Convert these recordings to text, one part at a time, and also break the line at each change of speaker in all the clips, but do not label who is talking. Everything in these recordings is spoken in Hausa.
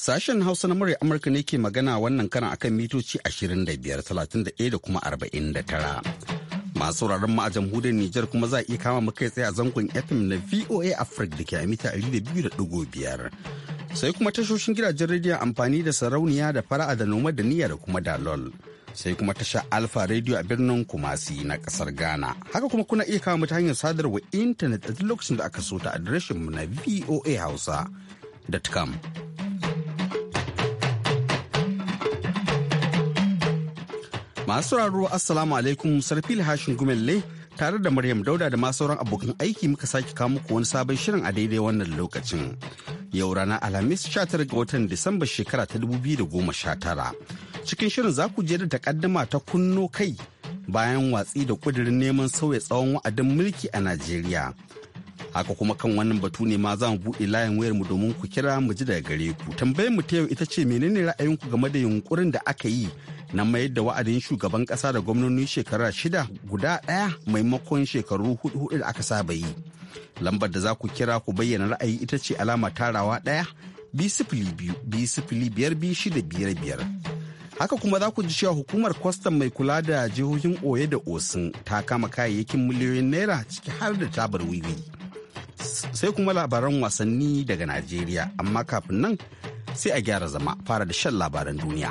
Sashen Hausa na murya Amurka ne ke magana wannan kana akan mitoci 25, 31 da kuma 49. masu sauraron mu a jamhuriyar Nijar kuma za a iya kama mu kai tsaye a zangon FM na VOA Africa da ke a mita da 200.5. Sai kuma tashoshin gidajen rediyon amfani da sarauniya da fara'a da noma da niyya da kuma dalol. Sai kuma tasha Alfa Radio a birnin Kumasi na kasar Ghana. Haka kuma kuna iya kama mu ta hanyar sadarwa intanet a duk lokacin da aka so ta adireshin mu na voahausa.com. Masu raro Assalamu alaikum sarfil hashin gumelle tare da Maryam Dauda da ma sauran abokan aiki muka sake kawo muku wani sabon shirin a daidai wannan lokacin. Yau rana Alhamis 19 ga watan Disamba shekara ta 2019. Cikin shirin za ku je da takaddama ta kunno kai bayan watsi da kudirin neman sauya tsawon wa'adin mulki a Najeriya. Haka kuma kan wannan batu ne ma za buɗe layin wayar mu domin ku kira mu ji daga gare ku. Tambayar mu ta yau ita ce menene ra'ayinku game da yunkurin da aka yi na mayar da wa'adin shugaban kasa da gwamnoni shekara shida guda ɗaya maimakon shekaru hudu da aka saba yi lambar da za ku kira ku bayyana ra'ayi ita ce alama tarawa ɗaya biyar. haka kuma za ku ji cewa hukumar kwastam mai kula da jihohin oye da osun ta kama kayayyakin miliyoyin naira ciki har da tabar wiwi sai kuma labaran wasanni daga najeriya amma kafin nan sai a gyara zama fara da shan labaran duniya.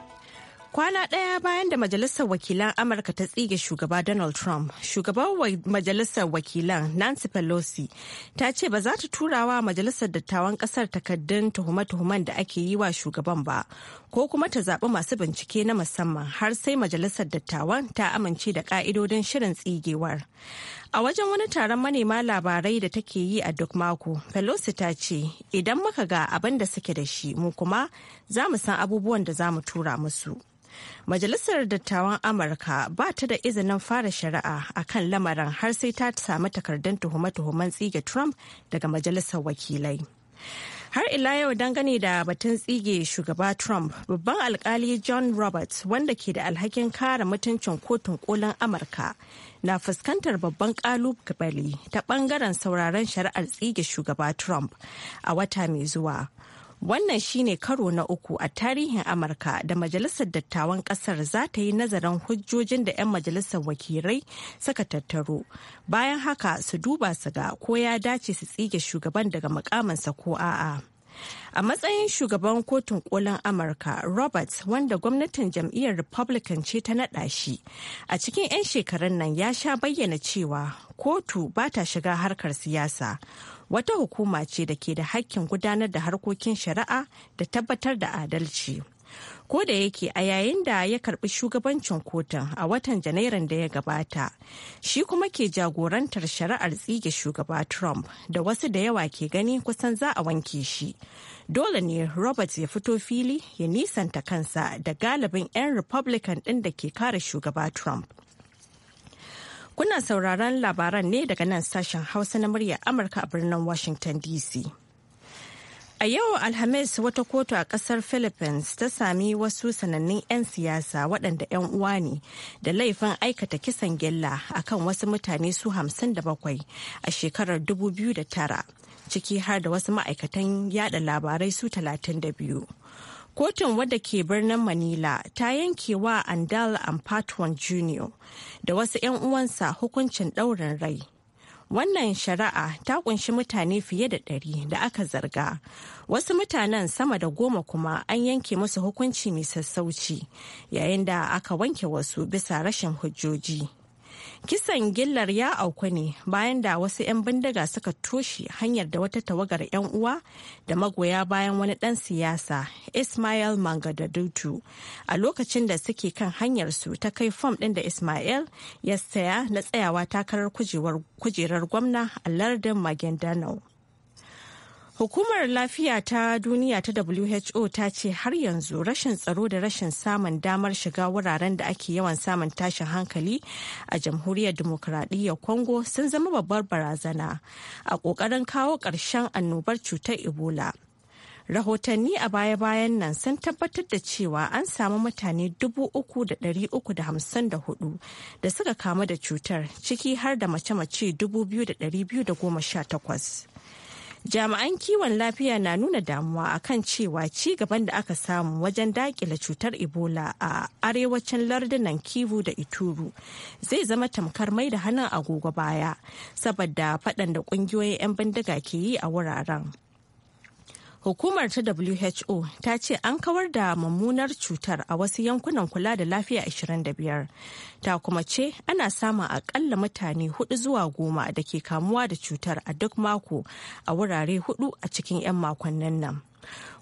Kwana ɗaya bayan da Majalisar Wakilan Amurka ta tsige shugaba Donald Trump, shugaban Majalisar Wakilan Nancy Pelosi ta ce ba za ta turawa Majalisar Dattawan ƙasar takaddun tuhume-tuhumen da ake yi wa shugaban ba, ko kuma ta zaɓi masu bincike na musamman har sai Majalisar Dattawan ta amince da ƙa'idodin shirin tsigewar. A wajen wani taron manema labarai da take yi a duk mako, Pelosi ta ce, "Idan muka ga abin da suke da shi, mu kuma za mu san abubuwan da za mu tura musu." Majalisar Dattawan Amurka ba ta da izinin fara shari'a a kan lamarin har sai ta samu takardun tuhume-tuhumen tsige Trump daga Majalisar Wakilai. Har ila yau dangane da batun tsige shugaba Trump, babban alkali John Roberts wanda ke da alhakin kare mutuncin kotun kolin Amurka na fuskantar babban kalubale ta bangaren sauraron shari'ar tsige shugaba Trump a wata mai zuwa. Wannan shine karo na uku a tarihin Amurka da Majalisar Dattawan Ƙasar za ta yi nazarin hujjojin da 'yan majalisar wakilai suka tattaro. Bayan haka su duba su ga ko ya dace su tsige shugaban daga mukamansa ko a'a. A matsayin shugaban kotun kolin Amurka, Roberts, wanda gwamnatin jam'iyyar Republican ce ta naɗa shi, a cikin 'yan shekarun nan ya sha bayyana cewa kotu ba ta shiga harkar siyasa. wata hukuma ce da ke da hakkin gudanar da harkokin shari'a da tabbatar da adalci. Ko da yake a yayin da ya karbi shugabancin kotun a watan Janairun da ya gabata, shi kuma ke jagorantar shari'ar tsige shugaba Trump da wasu da yawa ke gani kusan za a wanke shi. Dole ne Robert ya fito fili ya nisanta kansa da galibin 'yan Republican ɗin da ke kare shugaba Trump. Kuna sauraron labaran ne daga nan sashen Hausa na murya Amurka a birnin Washington DC. A yau Alhamis wata kotu a kasar Philippines ta sami wasu sanannun 'yan siyasa waɗanda 'yan uwa ne da laifin aikata kisan gilla a kan wasu mutane su 57 a shekarar 2009 ciki har da wasu ma'aikatan yada labarai su 32. kotun wadda ke birnin manila ta yanke wa andal ampatuan jr da wasu 'yan uwansa hukuncin ɗaurin rai wannan shari'a ta kunshi mutane fiye da ɗari da aka zarga wasu mutanen sama da goma kuma an yanke musu hukunci mai sassauci yayin da aka wanke wasu bisa rashin hujjoji Kisan gillar ya auku ne bayan da wasu 'yan bindiga suka toshe hanyar da wata tawagar 'yan uwa da magoya bayan wani 'dan siyasa Ismail Mangadadutu a lokacin da suke kan hanyar su ta kai fom ɗin da Ismail ya saya na tsayawa takarar kujerar gwamna a lardin Magendanau. Hukumar lafiya ta duniya ta WHO ta ce har yanzu rashin tsaro da rashin samun damar shiga wuraren da ake yawan samun tashin hankali a jamhuriyar demokuraɗiyyar Congo sun zama babbar barazana a ƙoƙarin kawo ƙarshen annobar cutar Ebola. rahotanni a baya-bayan nan sun tabbatar da cewa an samu mutane dubu 3,354 da da da hamsin hudu suka kamu da cutar ciki har da mace-mace takwas. jami'an kiwon lafiya na nuna damuwa akan cewa ci gaban da aka samu wajen daƙile cutar ebola a arewacin lardunan kivu da ituru zai zama tamkar mai da hannun agogo baya saboda faɗan da ƙungiyoyin 'yan bindiga ke yi a wuraren Hukumar ta WHO ta ce an kawar da mummunar cutar a wasu yankunan kula da lafiya 25. Ta kuma ce ana samun akalla mutane hudu zuwa goma da ke kamuwa da cutar a duk mako a wurare hudu a cikin 'yan makonnin nan.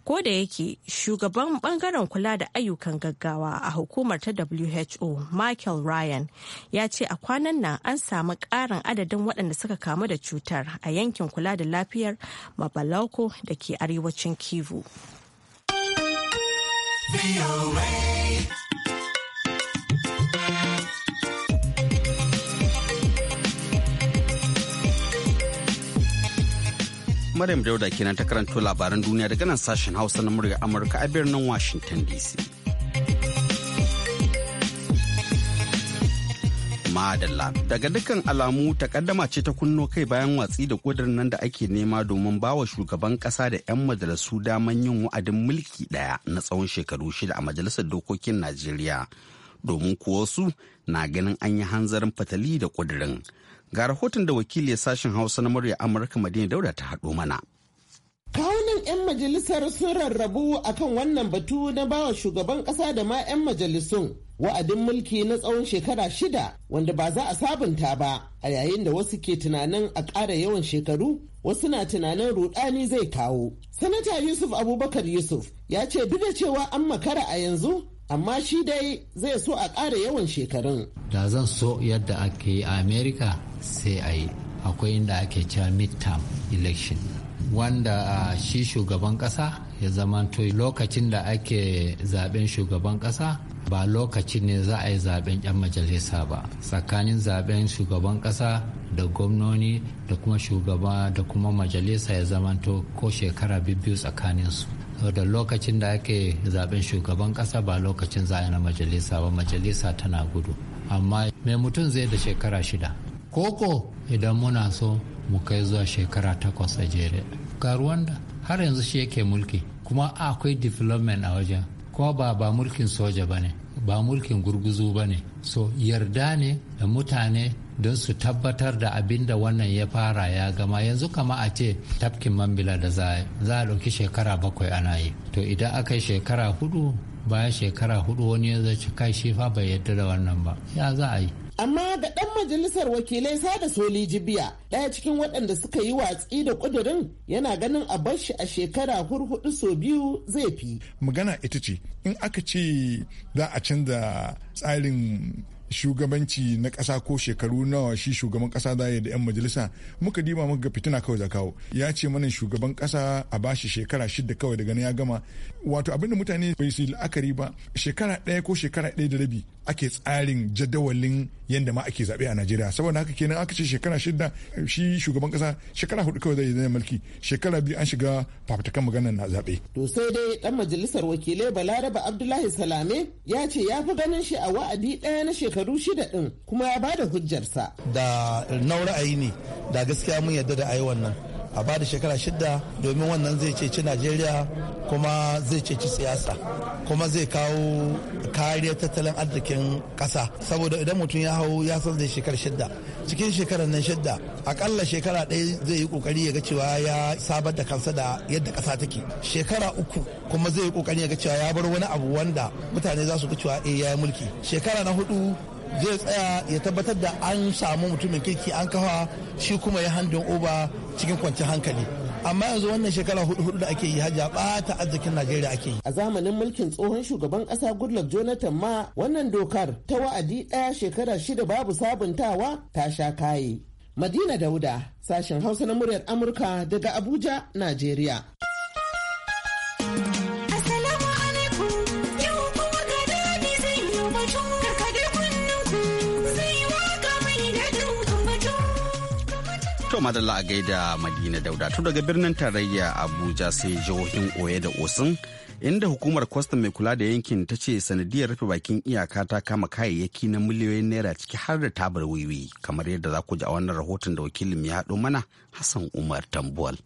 Ko da yake shugaban bangaren kula da ayyukan gaggawa a hukumar ta WHO Michael Ryan ya ce a kwanan nan an samu ƙarin adadin waɗanda suka kamu da cutar a yankin kula da lafiyar mabalako da ke arewacin Kivu.
Maryam Dauda kenan ta karanto labaran duniya daga nan sashen Hausa na murya Amurka a birnin Washington DC. Madalla daga dukkan alamu takaddama ce ta kunno kai bayan watsi da kudirin nan da ake nema domin bawa shugaban kasa da 'yan majalisu daman yin wa'adin mulki daya na tsawon shekaru shida a majalisar dokokin Najeriya. domin kuwa su na ganin an yi hanzarin fatali da ƙudurin. Ga rahoton da wakili ya sashen Hausa na murya Amurka Madina Dauda ta haɗo mana.
Kawunan 'yan majalisar sun rarrabu akan wannan batu na bawa shugaban ƙasa da ma 'yan majalisun wa'adin mulki na tsawon shekara shida wanda ba za a sabunta ba a yayin da wasu ke tunanin a ƙara yawan shekaru wasu na tunanin rudani zai kawo. Sanata Yusuf Abubakar Yusuf ya ce duk da cewa an makara a yanzu amma shi dai zai so a ƙara yawan shekarun.
Da zan so yadda ake yi a Amerika sai a yi. Akwai inda ake cewa midterm election. Wanda shi shugaban ƙasa ya zamanto lokacin da ake zaben shugaban ƙasa ba lokacin ne za a yi zaben 'yan majalisa ba tsakanin zaben shugaban ƙasa da gwamnoni da kuma shugaba da kuma majalisa ya zamanto ko shekara tsakanin su. da lokacin da ake zaben shugaban kasa ba lokacin za na majalisa ba majalisa tana gudu amma mai mutum zai da shekara shida koko idan muna so mu kai zuwa shekara takwas a jere ga rwanda har yanzu shi yake mulki kuma akwai development a wajen kuma ba ba mulkin soja ba ne ba mulkin gurguzu ba ne so yarda ne da mutane don su tabbatar da abin da wannan ya fara ya gama yanzu kama a ce tafkin mambila da za a ɗauki shekara bakwai ana yi to idan aka yi shekara hudu bayan shekara hudu wani ya zai kai shi fa bai yadda da wannan ba ya za a yi
amma ga ɗan majalisar wakilai sada soli jibiya ɗaya cikin waɗanda suka yi watsi da ƙudurin yana ganin a bar shi a shekara hurhudu sau biyu
zai fi magana ita ce in aka ce za a canza tsarin shugabanci na ƙasa ko shekaru nawa shi shugaban ƙasa za ya da 'yan majalisa muka dima muka ga fitina kawai za kawo ya ce mana shugaban ƙasa a bashi shekara shida kawai daga na ya gama wato abinda mutane bai su la'akari ba shekara ɗaya ko shekara ɗaya da rabi ake tsarin jadawalin yadda ma ake zaɓe a najeriya saboda haka kenan aka ce shekara shida shi shugaban kasa shekara hudu kawai zai zai mulki shekara biyu an shiga fafutukan maganar na zaɓe. to sai
dai ɗan majalisar wakilai balaraba abdullahi salame ya ce ya fi ganin shi a wa'adi ɗaya na shekaru shida ɗin kuma ya bada hujjarsa.
da na ra'ayi ne da gaskiya mun yadda da ayi wannan a bada shekara shida domin wannan zai ceci najeriya kuma zai ceci siyasa kuma zai kawo kariyar tattalin arzikin kasa saboda idan mutum ya hau ya san zai shekara shida cikin shekarar nan shida akalla shekara ɗaya zai yi kokari ya ga cewa ya sabar da kansa da yadda kasa take shekara uku kuma zai yi kokari ya ga cewa ya bar wani abu wanda mutane za su ga cewa eh ya mulki shekara na hudu zai tsaya ya tabbatar da an samu mutumin kirki an kafa shi kuma ya handin oba cikin kwanci hankali amma yanzu wannan shekara hudu hudu da ake yi hajja bata arzikin najeriya ake yi
a zamanin mulkin tsohon shugaban kasa goodluck jonathan ma wannan dokar ta wa'adi daya shekara shida babu sabuntawa ta sha kaye madina dauda sashen hausa na muryar amurka daga abuja najeriya
To madalla a gaida Madina Dauda to daga birnin tarayya Abuja sai jihohin Oye da Osun inda hukumar kwastam mai kula da yankin ta ce sanadiyar rufe bakin iyaka ta kama kayayyaki na miliyoyin naira ciki har da tabar wiwi kamar yadda za ku ji a wannan rahoton da wakilin ya haɗo mana Hassan Umar Tambuwal.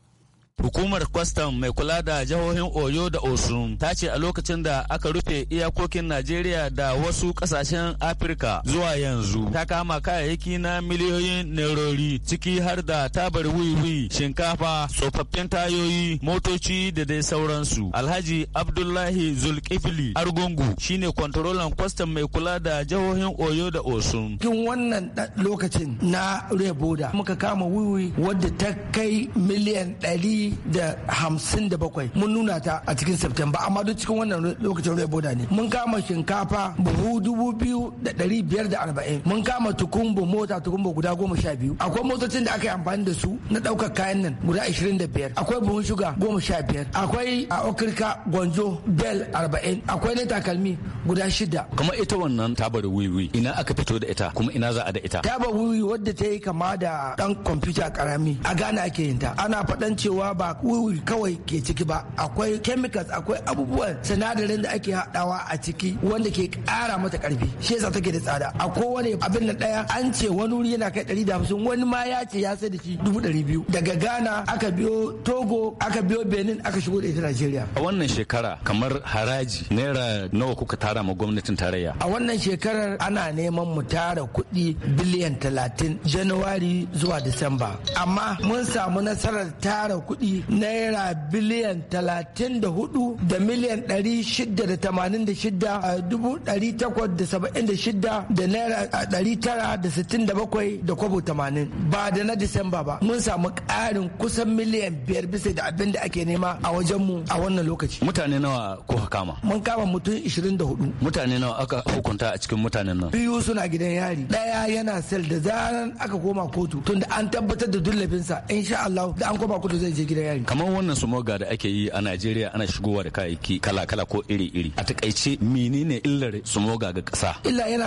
Hukumar kwastam mai kula da jihohin Oyo da Osun ta ce a lokacin da aka rufe iyakokin Najeriya da wasu kasashen Afirka zuwa yanzu ta kama kayayyaki na miliyoyin nerori ciki har da tabar wiwi, shinkafa, tsofaffin tayoyi, motoci da dai sauransu. Alhaji Abdullahi Zulkifili Argungu shine kwantarolan kwastam mai kula da jihohin Oyo da Osun.
Cikin wannan lokacin na Reboda muka kama wiwi wadda ta kai miliyan ɗari 157 mun nuna ta a cikin September amma duk cikin wannan lokacin rai boda ne mun kama shinkafa buhu 2540 mun kama tukumbu mota tukumbu guda 12 akwai motocin da aka yi amfani da su na daukar kayan nan guda 25 akwai buhun shuga 15 akwai a okirka gwanjo bel 40 akwai na takalmi guda 6
kuma ita wannan tabar wiwi ina aka fito da ita kuma ina za a da ita tabar
wiwi wadda ta yi kama da dan kwamfuta karami a gana ake yin ta ana faɗan cewa ba wuri kawai ke ciki ba akwai chemicals akwai abubuwan sinadarin da ake haɗawa a ciki wanda ke ƙara mata karfi shi yasa take da tsada a wani abin da ɗaya an ce wani wuri yana kai ɗari da hamsin wani ma ya ce ya sai da shi dubu ɗari biyu daga ghana aka biyo togo aka biyo benin aka shigo da ita najeriya
a wannan shekara kamar haraji naira nawa kuka tara ma gwamnatin tarayya
a wannan shekarar ana neman mu tara kuɗi biliyan talatin januwari zuwa disamba amma mun samu nasarar tara kuɗi kuɗi naira biliyan talatin da hudu da miliyan ɗari shida da tamanin da shida dubu ɗari takwas da saba'in da shida da naira ɗari tara da sittin da bakwai da kwabo tamanin ba da na disamba ba mun samu ƙarin kusan miliyan biyar bisa da abin da ake nema a wajen mu a wannan lokaci mutane nawa kuka kama mun kama mutum ishirin da hudu
mutane nawa aka hukunta a cikin mutanen nan
biyu suna gidan yari ɗaya yana sel da zaran aka koma kotu tunda an tabbatar da dullafinsa insha Allah da an koma kotu zai je gida yari
kamar wannan sumoga da ake yi a Najeriya ana shigowa da kayayyaki kala-kala ko iri-iri a takaice menene illar sumoga ga kasa
illa yana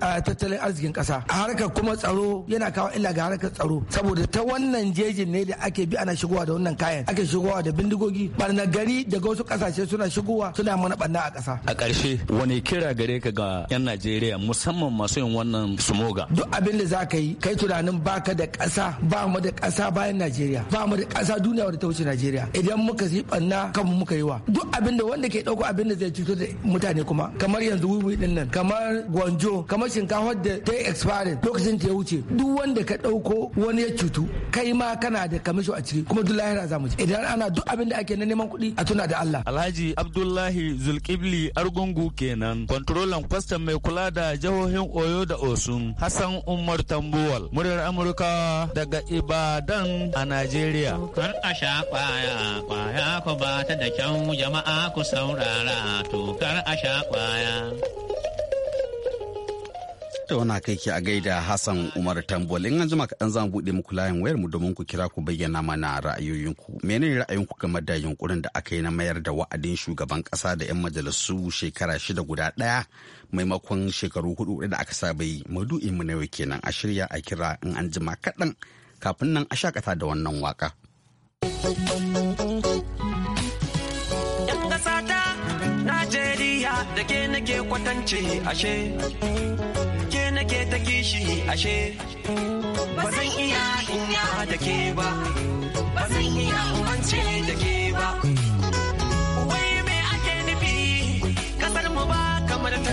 a tattalin arzikin kasa harkar kuma tsaro yana kawo illa ga harkar tsaro saboda ta wannan jejin ne da ake bi ana shigowa da wannan kayan ake shigowa da bindigogi barna gari daga wasu kasashe suna shigowa suna mana barna a kasa
a ƙarshe wani kira gare ka ga 'yan Najeriya musamman masu yin wannan sumoga
duk abin da za ka yi kai tunanin baka da kasa ba mu da kasa bayan Najeriya ba mu da kasa. duniya wadda ta wuce Najeriya idan muka yi banna kan muka yi wa duk abinda wanda ke dauko abinda zai cutar da mutane kuma kamar yanzu wiwi din nan kamar gwanjo kamar shinkafa da ta yi lokacin ta ya wuce duk wanda ka dauko wani ya cutu kai ma kana da kamisho a ciki kuma duk lahira za mu ci idan ana duk abinda ake na neman kuɗi a tuna da Allah
Alhaji Abdullahi Zulkibli Argungu kenan kontrolan kwastam mai kula da jihohin Oyo da Osun Hassan Umar Tambuwal muryar Amurka daga Ibadan a Najeriya a sha kwaya, kwaya ku ba ta da kyau jama'a ku saurara tokar a sha kwaya.
Da wana kai ke a gaida Hassan Umar Tambol in an jima kaɗan zan buɗe muku layin wayar mu domin ku kira ku bayyana mana ra'ayoyinku. Menene ra'ayinku game da yunkurin da aka yi na mayar da wa'adin shugaban ƙasa da 'yan majalisu shekara shida guda ɗaya maimakon shekaru hudu da aka saba yi maudu'in mu na kenan a shirya a kira in an jima kaɗan kafin nan a shakata da wannan waka.
Yan ƙasa ta Najeriya da ke nake kwatance ashe, ke nake ta kishi ashe, ba zan iya inya da ke ba, ba zan iya umance da ke ba. Wai me ake nufi, kasar mu ba kamar ta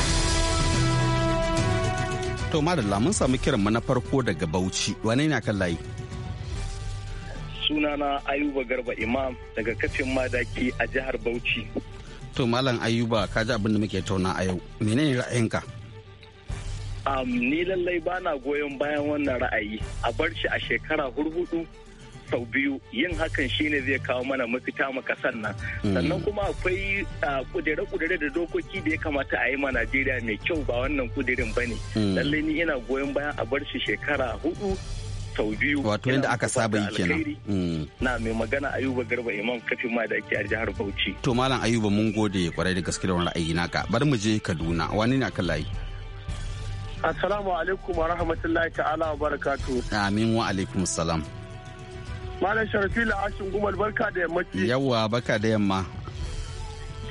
To madalla mun samu kiran na farko daga Bauchi. Wane ne kan layi?
Sunana Ayuba Garba Imam daga kafin madaki a jihar Bauchi.
To Malam Ayuba ka ji abin da muke tauna a yau. Menene ra'ayinka?
ni lallai bana goyon bayan wannan ra'ayi a bar shi a shekara hurhudu sau biyu yin hakan shine zai kawo mana mafita ma kasan nan mm. sannan kuma akwai kudere-kudere da dokoki da ya kamata a yi ma najeriya mai kyau ba wannan kudirin ba ne mm. lallai ni ina goyon bayan a bar shi shekara hudu sau biyu. Wato yadda aka saba yi kenan.
Mm. Na
mai magana Ayuba Garba Imam kafin ma da ake a jihar Bauchi.
To Malam Ayuba mun gode kwarai da gaske da wani ra'ayi naka. Bari mu je Kaduna. Wani ne aka layi?
Assalamu alaikum wa rahmatullahi
ta'ala wa barakatu. Amin wa alaikum salam. Malam Sharafila Ashin
Gumal barka da
yammaci. Yawwa barka da yamma.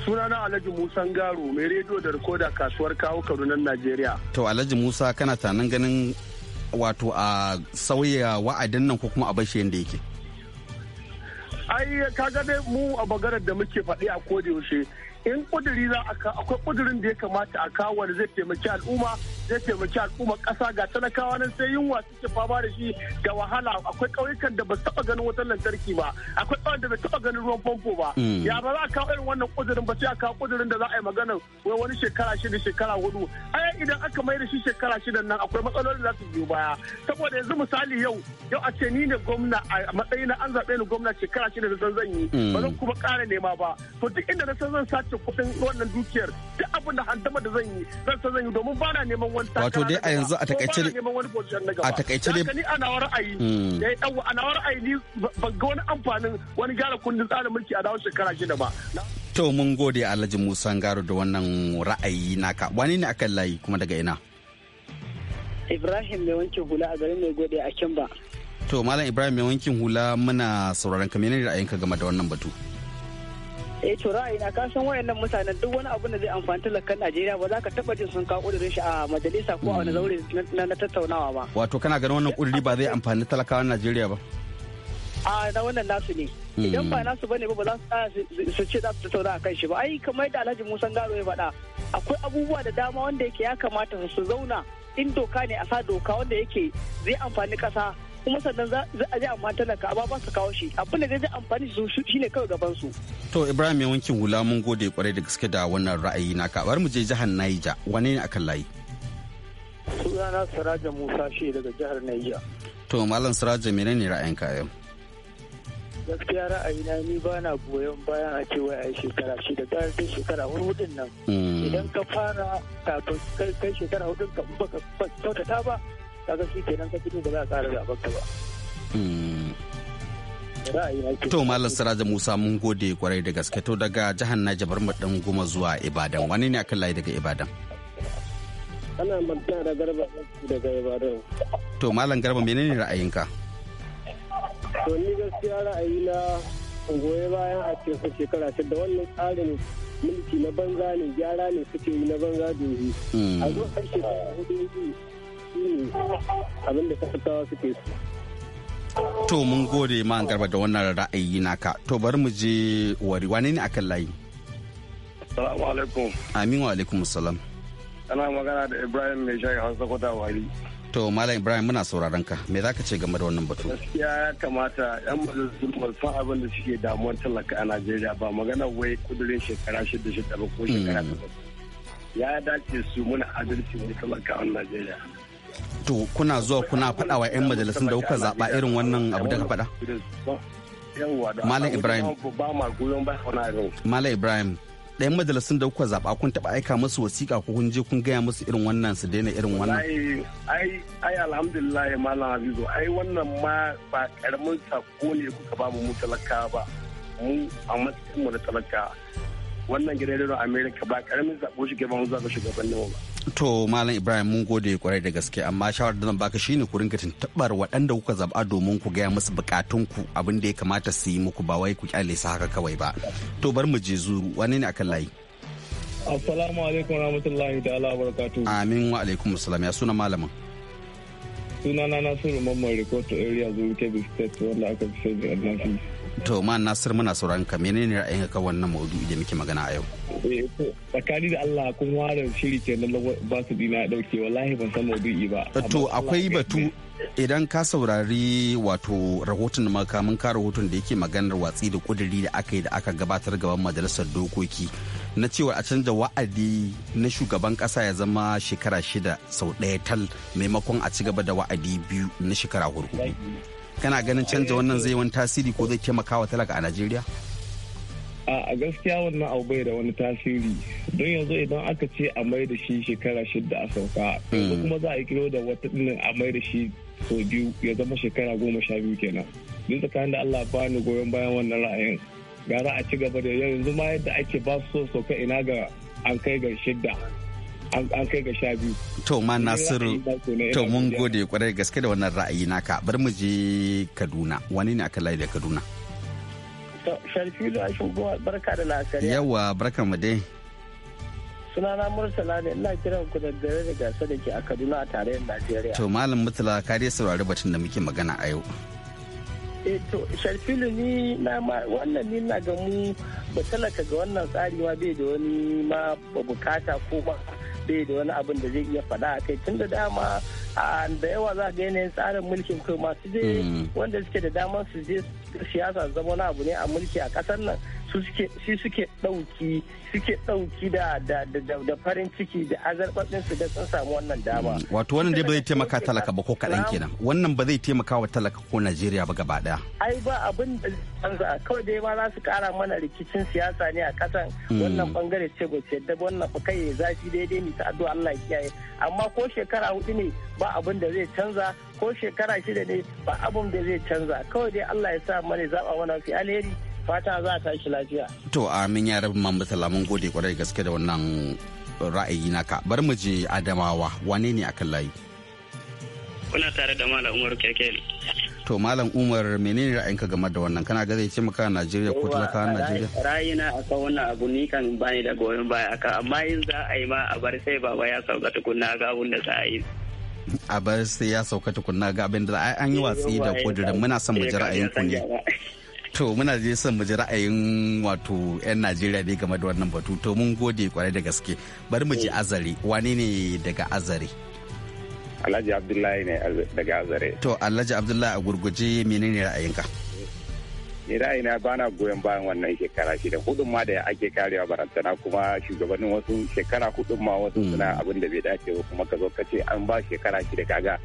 Sunana Alhaji Musa Ngaro mai rediyo da rikoda kasuwar kawo Kadunan Najeriya.
To Alhaji Musa kana tanan ganin wato a sauya wa'adin nan ko kuma a bashi yadda yake.
Ai kaga dai mu a bagarar da muke faɗi a koda yaushe in kuduri za a akwai kudurin da ya kamata a kawo zai taimaki al'umma zai taimaki al'ummar kasa ga talakawa nan sai yunwa suke fama da shi da wahala akwai ƙauyukan da ba su taɓa ganin wutar lantarki ba akwai ƙauyen da bai taɓa ganin ruwan famfo ba mm. ya ba za a kawo irin wannan ƙudurin ba sai a kawo ƙudurin da za a yi magana wai wani shekara shida shekara hudu ai idan aka mai da shi shekara shida nan akwai matsalolin da za su biyo baya saboda yanzu misali yau yau a ce ni ne gwamna a matsayina an zaɓe ni gwamna shekara shida da zan yi ba mm. zan kuma ƙara nema ba to duk inda na san zan sace kuɗin wannan dukiyar duk abin da handama da zan yi zan san zan yi domin ba na neman wani wato dai a yanzu a takaice a takaice dai ni ana wa da hmm. eh, ya dawo ana ra'ayi ni ban ga wani amfanin wani gyara kundin tsarin mulki a dawo shekara shida ba
to mun gode Alhaji Musa Ngaro da wannan ra'ayi naka wani ne akan layi kuma daga ina
Ibrahim mai wankin hula a garin mai gode a Kimba
to Malam Ibrahim mai wankin hula muna sauraron ka menene ra'ayinka game da wannan batu
eh to ra'ayina ka san wayannan mutanen duk wani abu da zai amfani talakan Najeriya ba za ka taba jin sun kawo kudirin shi a majalisa ko a wani zaure na tattaunawa ba
wato kana ganin wannan kudiri ba zai amfani talakawan Najeriya ba
a na wannan nasu ne hmm. idan ba nasu bane ba ba za su ce za su tattauna kan shi ba ai kamar da Alhaji Musa Garo ya faɗa akwai abubuwa da dama wanda yake ya kamata su zauna in doka ne a sa doka wanda yake zai amfani kasa kuma sannan za a je amma talaka amma ba su kawo shi abin da zai amfani su ne kawai gaban su
to ibrahim ya wankin hula mun gode kwarai da gaske da wannan ra'ayi na kabar mu je jihar naija wane ne akan layi
sunana siraja musa shi daga jihar naija
to malam siraja menene ka yau
gaskiya ra'ayina ni ba na goyon bayan a cewa a yi shekara shi da tsarin ta shekara hudun nan
mm. idan
ka fara kafin kai shekara hudun ka ka kyautata ba kaga shi kenan ka fito ba za ka ƙara zaɓar ka ba.
Hmm. To Malam Siraja Musa mun gode kwarai da gaske to daga jihar Naija bar mu dan goma zuwa Ibadan wani ne akan layi daga Ibadan?
Ana manta da garba daga Ibadan.
To Malam Garba menene ra'ayinka?
To ni gaskiya na goye bayan a cikin shekara ce da wannan tsarin mulki na banza ne gyara ne suke yi na banza dozi. Hmm. A zo a shekara hudu abin da talakawa suke
so to mun gode ma an garba da wannan ra'ayi naka to bari mu je wari wane ne akan layi
assalamu alaikum
amin wa alaikum salam.
ana magana da ibrahim mai shayi har kwata wari
To Malam Ibrahim muna sauraron ka me zaka ce game da wannan batu? Gaskiya
ya kamata yan majalisun balfa abin da suke damuwar talaka a Najeriya ba magana wai kudurin shekara shida shida ba ko shekara mm. Ya dace su muna adalci ne talaka a Najeriya.
to kuna zuwa kuna faɗa wa 'yan majalisun da kuka zaɓa irin wannan abu da ka faɗa? Malam Ibrahim. Malam Ibrahim. Ɗayan majalisun da kuka zaɓa kun taɓa aika musu wasiƙa ko kun je kun gaya musu irin wannan su daina irin wannan?
Ai, ai alhamdulillah Malam Habibu, ai wannan ma ba ƙaramin sako ne kuka ba mu mu talaka ba. Mu a matsayin mu na talaka. Wannan gidan Amerika ba ƙaramin sako shi ke ba mu za ka shugabannin ba.
to malam ibrahim mun gode kwarai da gaske amma shawarar da zan baka shine ku rinka tuntubar waɗanda kuka zaba domin ku gaya musu ku abin da ya kamata su yi muku ba wai ku kyale su haka kawai ba to bar mu je zuru wani ne akan layi
assalamu alaikum warahmatullahi ta'ala barakatuh
amin wa alaikum assalam ya suna malamin
sunana nasiru mamman rikoto area zuru ke state wanda aka fi sai da nasiru
to ma nasir muna sauran ka menene ra'ayin ka wannan maudu'i da muke magana a yau
eh, tsakani da Allah kun ware shiri ke nan ba su dina dauke wallahi ban san maudu'i ba to akwai batu
idan ka saurari wato rahoton mun ka rahoton da yake maganar watsi da kudiri da aka yi da aka gabatar gaban majalisar dokoki na cewa a canza wa'adi na shugaban kasa ya zama shekara shida sau ɗaya tal maimakon a ci gaba da wa'adi biyu na shekara hurhuru. kana ganin canza wannan zai wani tasiri ko zai taimaka wa talaka a najeriya
a gaskiya wannan abu bai da wani tasiri don yanzu idan aka ce a mai da shi shekara shida a sauka yanzu hmm. kuma za a kilo da wata dinin a mai da shi sau biyu ya zama shekara goma sha biyu kenan duk tsakanin da allah bani goyon bayan wannan ra'ayin gara a ci gaba da yanzu ma yadda ake ba su so ka ina ga an kai ga shidda an kai ga sha biyu.
To ma Nasiru to mun gode kwarai gaske da wannan ra'ayi naka bar mu je Kaduna wani ne aka layi da Kaduna.
Sharfilu Ashugowa barka da la'asari.
Yawa barka mu dai.
Sunana Murtala ne ina kiran ku da gare da gasa da ke a Kaduna a tarayyar Najeriya. To
Malam Murtala ka dai saurari batun da muke magana a yau.
Eh, to sharfilu ni na ma wannan ni na ga mu ba talaka ga wannan tsari ma bai da wani ma bukata ko ba bai da wani abin da zai iya faɗa a kai tun da dama a da yawa za ga yanayin tsarin mulkin kai masu je mm. wanda suke da damar su je siyasa zama na abu ne a mulki a kasar nan su suke dauki suke dauki da da farin ciki da azarbaɗin su da sun samu wannan dama. Mm. Wato wannan dai ba zai taimaka talaka ba ko kaɗan kenan
wannan ba zai taimaka wa talaka ko Najeriya ba gaba daya
Ai ba abin da canza kawai dai ma za su kara mana rikicin siyasa ne a kasan mm. wannan bangare ce ba ce da wannan kai zafi daidai ne ta addu'a Allah ya kiyaye amma ko shekara hudu ne ba abin da zai canza ko shekara shida ne ba abin da zai canza kawai dai Allah ya sa mana zaba mana fi alheri fata za ta shi lafiya
to amin ya rabu mamu salamun gode kwarai gaske da wannan ra'ayi naka bar mu je adamawa wane ne akan layi
kuna tare da malam umar Kekel.
to malam umar menene ra'ayinka game da wannan kana ga zai ce maka najeriya ko talakawa najeriya
ra'ayina akan wannan abu ni kan bani da goyon baya aka amma in za a yi ma a bar sai baba ya sauka tukunna ga abun da za a yi
a bar sai ya sauka tukunna ga abin da an yi watsi da kudurin muna son mu ji ku ne to muna je son mu ji ra'ayin wato 'yan najeriya ne game da wannan batu to mun gode kwarai da gaske bari mu ji mm. azare wani ne daga azare
alhaji abdullahi ne daga azare
to alhaji abdullahi a gurguje menene ra'ayinka
ni ra'ayina ba na goyon bayan wannan shekara shida hudun ma da ake karewa barantana kuma shugabannin wasu shekara hudun ma wasu hmm. suna abin da bai dace ba kuma ka zo ka ce an ba shekara shida kaga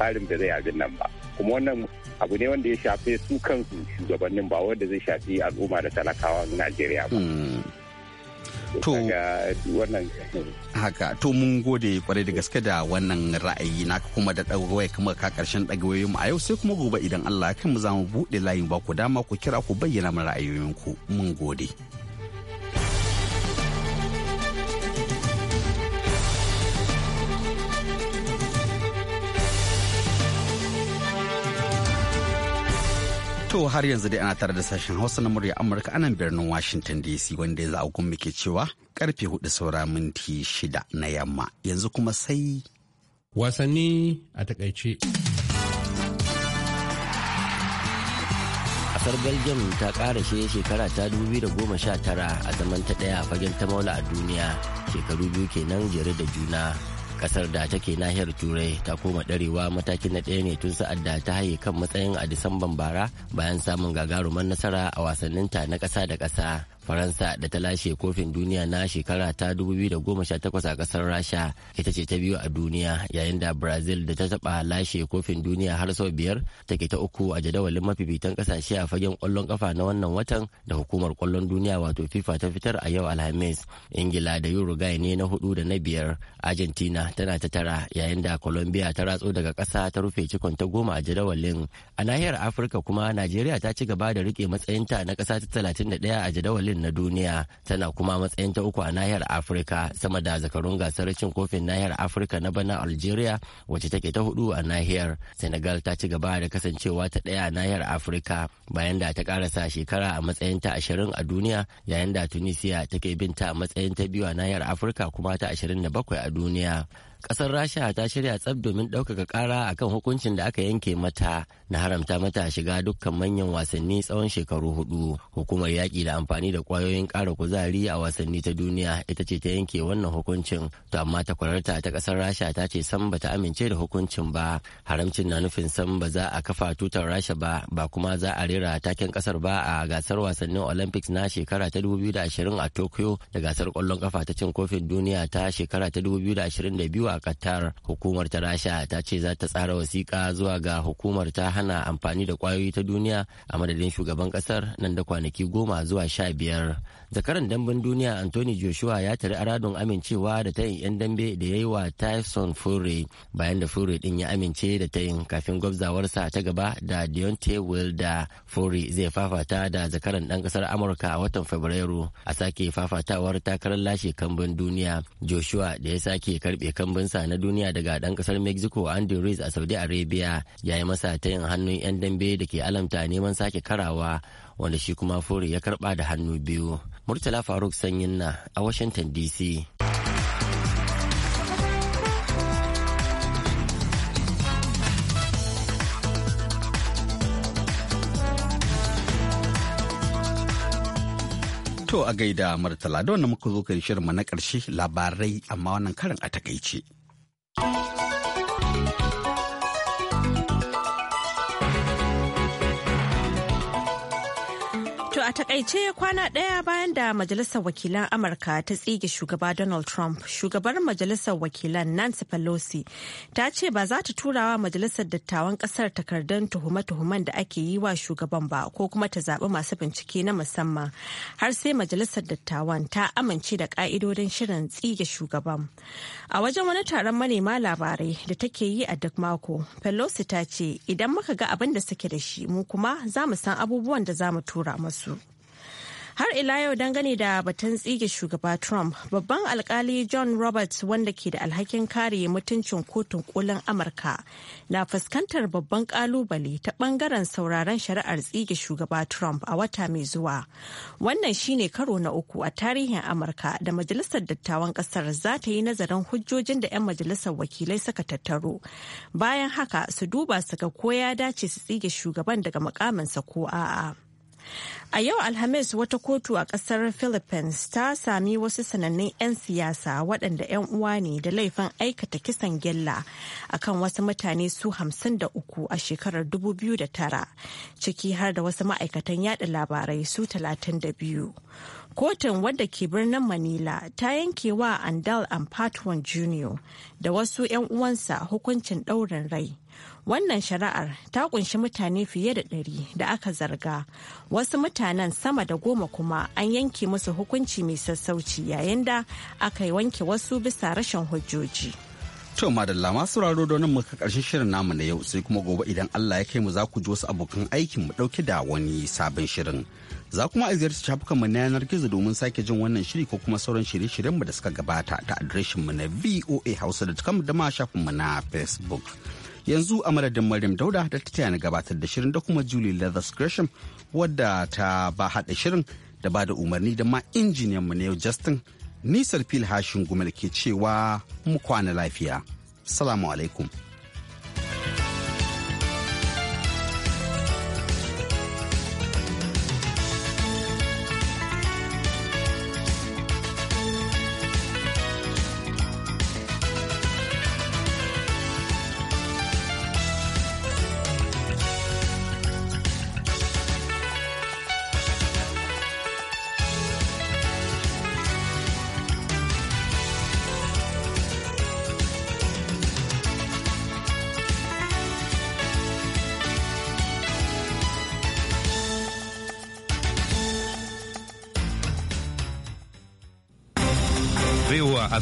tsarin da zai abin nan ba kuma wannan abu ne wanda ya shafe su kansu shugabannin ba wanda zai shafi al'umma da talakawa na Najeriya ba. Hmm. to
haka to mun gode kwarai da gaske da wannan ra'ayi na kuma da ɗagawai kuma ka karshen ɗagawayoyin mu a yau sai kuma gobe idan Allah ya kai mu za mu buɗe layin ba ku dama ku kira ku bayyana mu ra'ayoyinku mun gode. To har yanzu dai ana tare da sashen Hausa na murya Amurka anan birnin Washington DC wanda ya za'a gun muke cewa karfe hudu saura minti shida na yamma yanzu kuma sai.
Wasanni a takaice.
kasar belgium ta karashe shekara ta 2019 a zaman ta daya fagen ta maula a duniya shekaru biyu kenan jere da juna kasar da take nahiyar turai ta koma ɗarewa mataki na ɗaya ne tun sa'ad da ta haye kan matsayin a disamban bara bayan samun gagarumar nasara a wasanninta na ƙasa da ƙasa faransa da ta lashe kofin duniya na shekara ta 2018 a kasar rasha ita ce ta biyu a duniya yayin da brazil da ta taba lashe kofin duniya har sau biyar take ta uku a jadawalin mafifitan kasashe a fagen kwallon kafa na wannan watan da hukumar kwallon duniya wato fifa ta fitar a yau alhamis ingila da uruguay ne na hudu da na biyar argentina tana ta tara yayin da colombia ta ratso daga kasa ta rufe cikon ta goma a jadawalin a nahiyar afirka kuma najeriya ta ci gaba da rike matsayinta na kasa ta 31 a jadawalin na duniya tana kuma matsayin ta uku a nahiyar afirka sama da zakarun gasar cin kofin nahiyar afirka na bana algeria wacce take ta hudu a nahiyar senegal ta ci gaba da kasancewa ta daya a nahiyar afirka bayan da ta karasa shekara a matsayin ta ashirin a duniya yayin da tunisia take bin ta a matsayin ta biyu a nahiyar afirka kuma ta ashirin da bakwai a duniya kasar Rasha ta shirya tsab domin ɗaukaka ƙara akan hukuncin da aka yanke mata na haramta mata shiga dukkan manyan wasanni tsawon shekaru hudu. Hukumar yaƙi da amfani da ƙwayoyin ƙara kuzari a wasanni ta duniya ita ce ta yanke wannan hukuncin. To amma ta kwararta ta kasar Rasha ta ce san bata amince da hukuncin ba. Haramcin na nufin san ba za a kafa tutar Rasha ba ba kuma za a rera taken kasar ba a gasar wasannin Olympics na shekara ta 2020 a Tokyo da gasar kwallon kafa ta cin kofin duniya ta shekara ta 2022 a qatar hukumar ta rasha ta ce za ta tsara wasiƙa zuwa ga hukumar ta hana amfani da ƙwayoyi ta duniya a madadin shugaban kasar nan da kwanaki goma zuwa sha biyar zakaran damben duniya anthony joshua ya tari aradun amincewa da tayin 'yan dambe da ya yi wa tyson fury bayan da fury din ya amince da tayin kafin gwabzawarsa ta gaba da deontay wilder fury zai fafata da zakaran dan kasar amurka a watan fabrairu a sake fafatawar takarar lashe kambun duniya joshua da ya sake karbe kambunsa na duniya daga dan kasar mexico andy ruiz a saudi arabia ya yi masa yin hannun 'yan dambe da ke alamta neman sake karawa wanda shi kuma fure ya karba da hannu biyu Murtala Faruk Sanyin na a Washington DC.
To a gaida Murtala da wannan muka zo kan shirinmu na ƙarshe labarai amma wannan karin a takaice.
takaice kwana ɗaya bayan da Majalisar Wakilan Amurka ta tsige shugaba Donald Trump, shugabar Majalisar Wakilan Nancy Pelosi ta ce ba za ta turawa Majalisar Dattawan ƙasar takardun tuhume-tuhumen da ake yi wa shugaban ba ko kuma ta zaɓi masu bincike na musamman har sai Majalisar Dattawan ta amince da ƙa'idodin shirin tsige shugaban. A wajen wani taron manema labarai da take yi a duk mako, Pelosi ta ce idan muka ga abin da suke da shi mu kuma za mu san abubuwan da za mu tura musu." har ila yau dangane da batun tsige shugaba trump babban alkali john roberts wanda ke da alhakin kare mutuncin kotun kolin amurka na fuskantar babban kalubale ta bangaren sauraron shari'ar tsige shugaba trump a wata mai zuwa wannan shine karo na uku a tarihin amurka da majalisar dattawan kasar za ta yi nazarin hujjojin da 'yan majalisar wakilai suka tattaro bayan haka su duba su ga ko ya dace su tsige shugaban daga mukaminsa ko a'a. A yau Alhamis wata kotu a kasar Philippines ta sami wasu sanannen 'yan siyasa waɗanda 'yan uwa ne da laifin aikata kisan gilla a kan wasu mutane su 53 a shekarar 2009 ciki har da wasu ma'aikatan yada labarai su 32. Kotun wadda ke birnin Manila ta yanke wa Andal Ampatuan Jr. da wasu 'yan uwansa hukuncin ɗaurin rai Wannan shari'ar ta kunshi mutane fiye da ɗari da aka zarga. Wasu mutanen sama da goma kuma an yanke musu hukunci mai sassauci yayin da aka yi wanke wasu bisa rashin hujjoji.
To madalla masu sauraro da mu muka karshen shirin namu na yau sai kuma gobe idan Allah ya kai mu za ku ji wasu abokan aikin mu dauke da wani sabon shirin. za kuma a ziyarci shafukanmu na yanar gizo domin sake jin wannan shiri ko kuma sauran shirye-shiryenmu da suka gabata ta mu na voa hausa da ma mu na facebook yanzu a madadin maryam dauda da ta na gabatar da shirin da kuma julie leathers gresham wadda ta ba haɗa shirin da ba da umarni da ma injiniyan mu na yau justin nisar fil hashin gumel ke cewa mu kwana lafiya salamu alaikum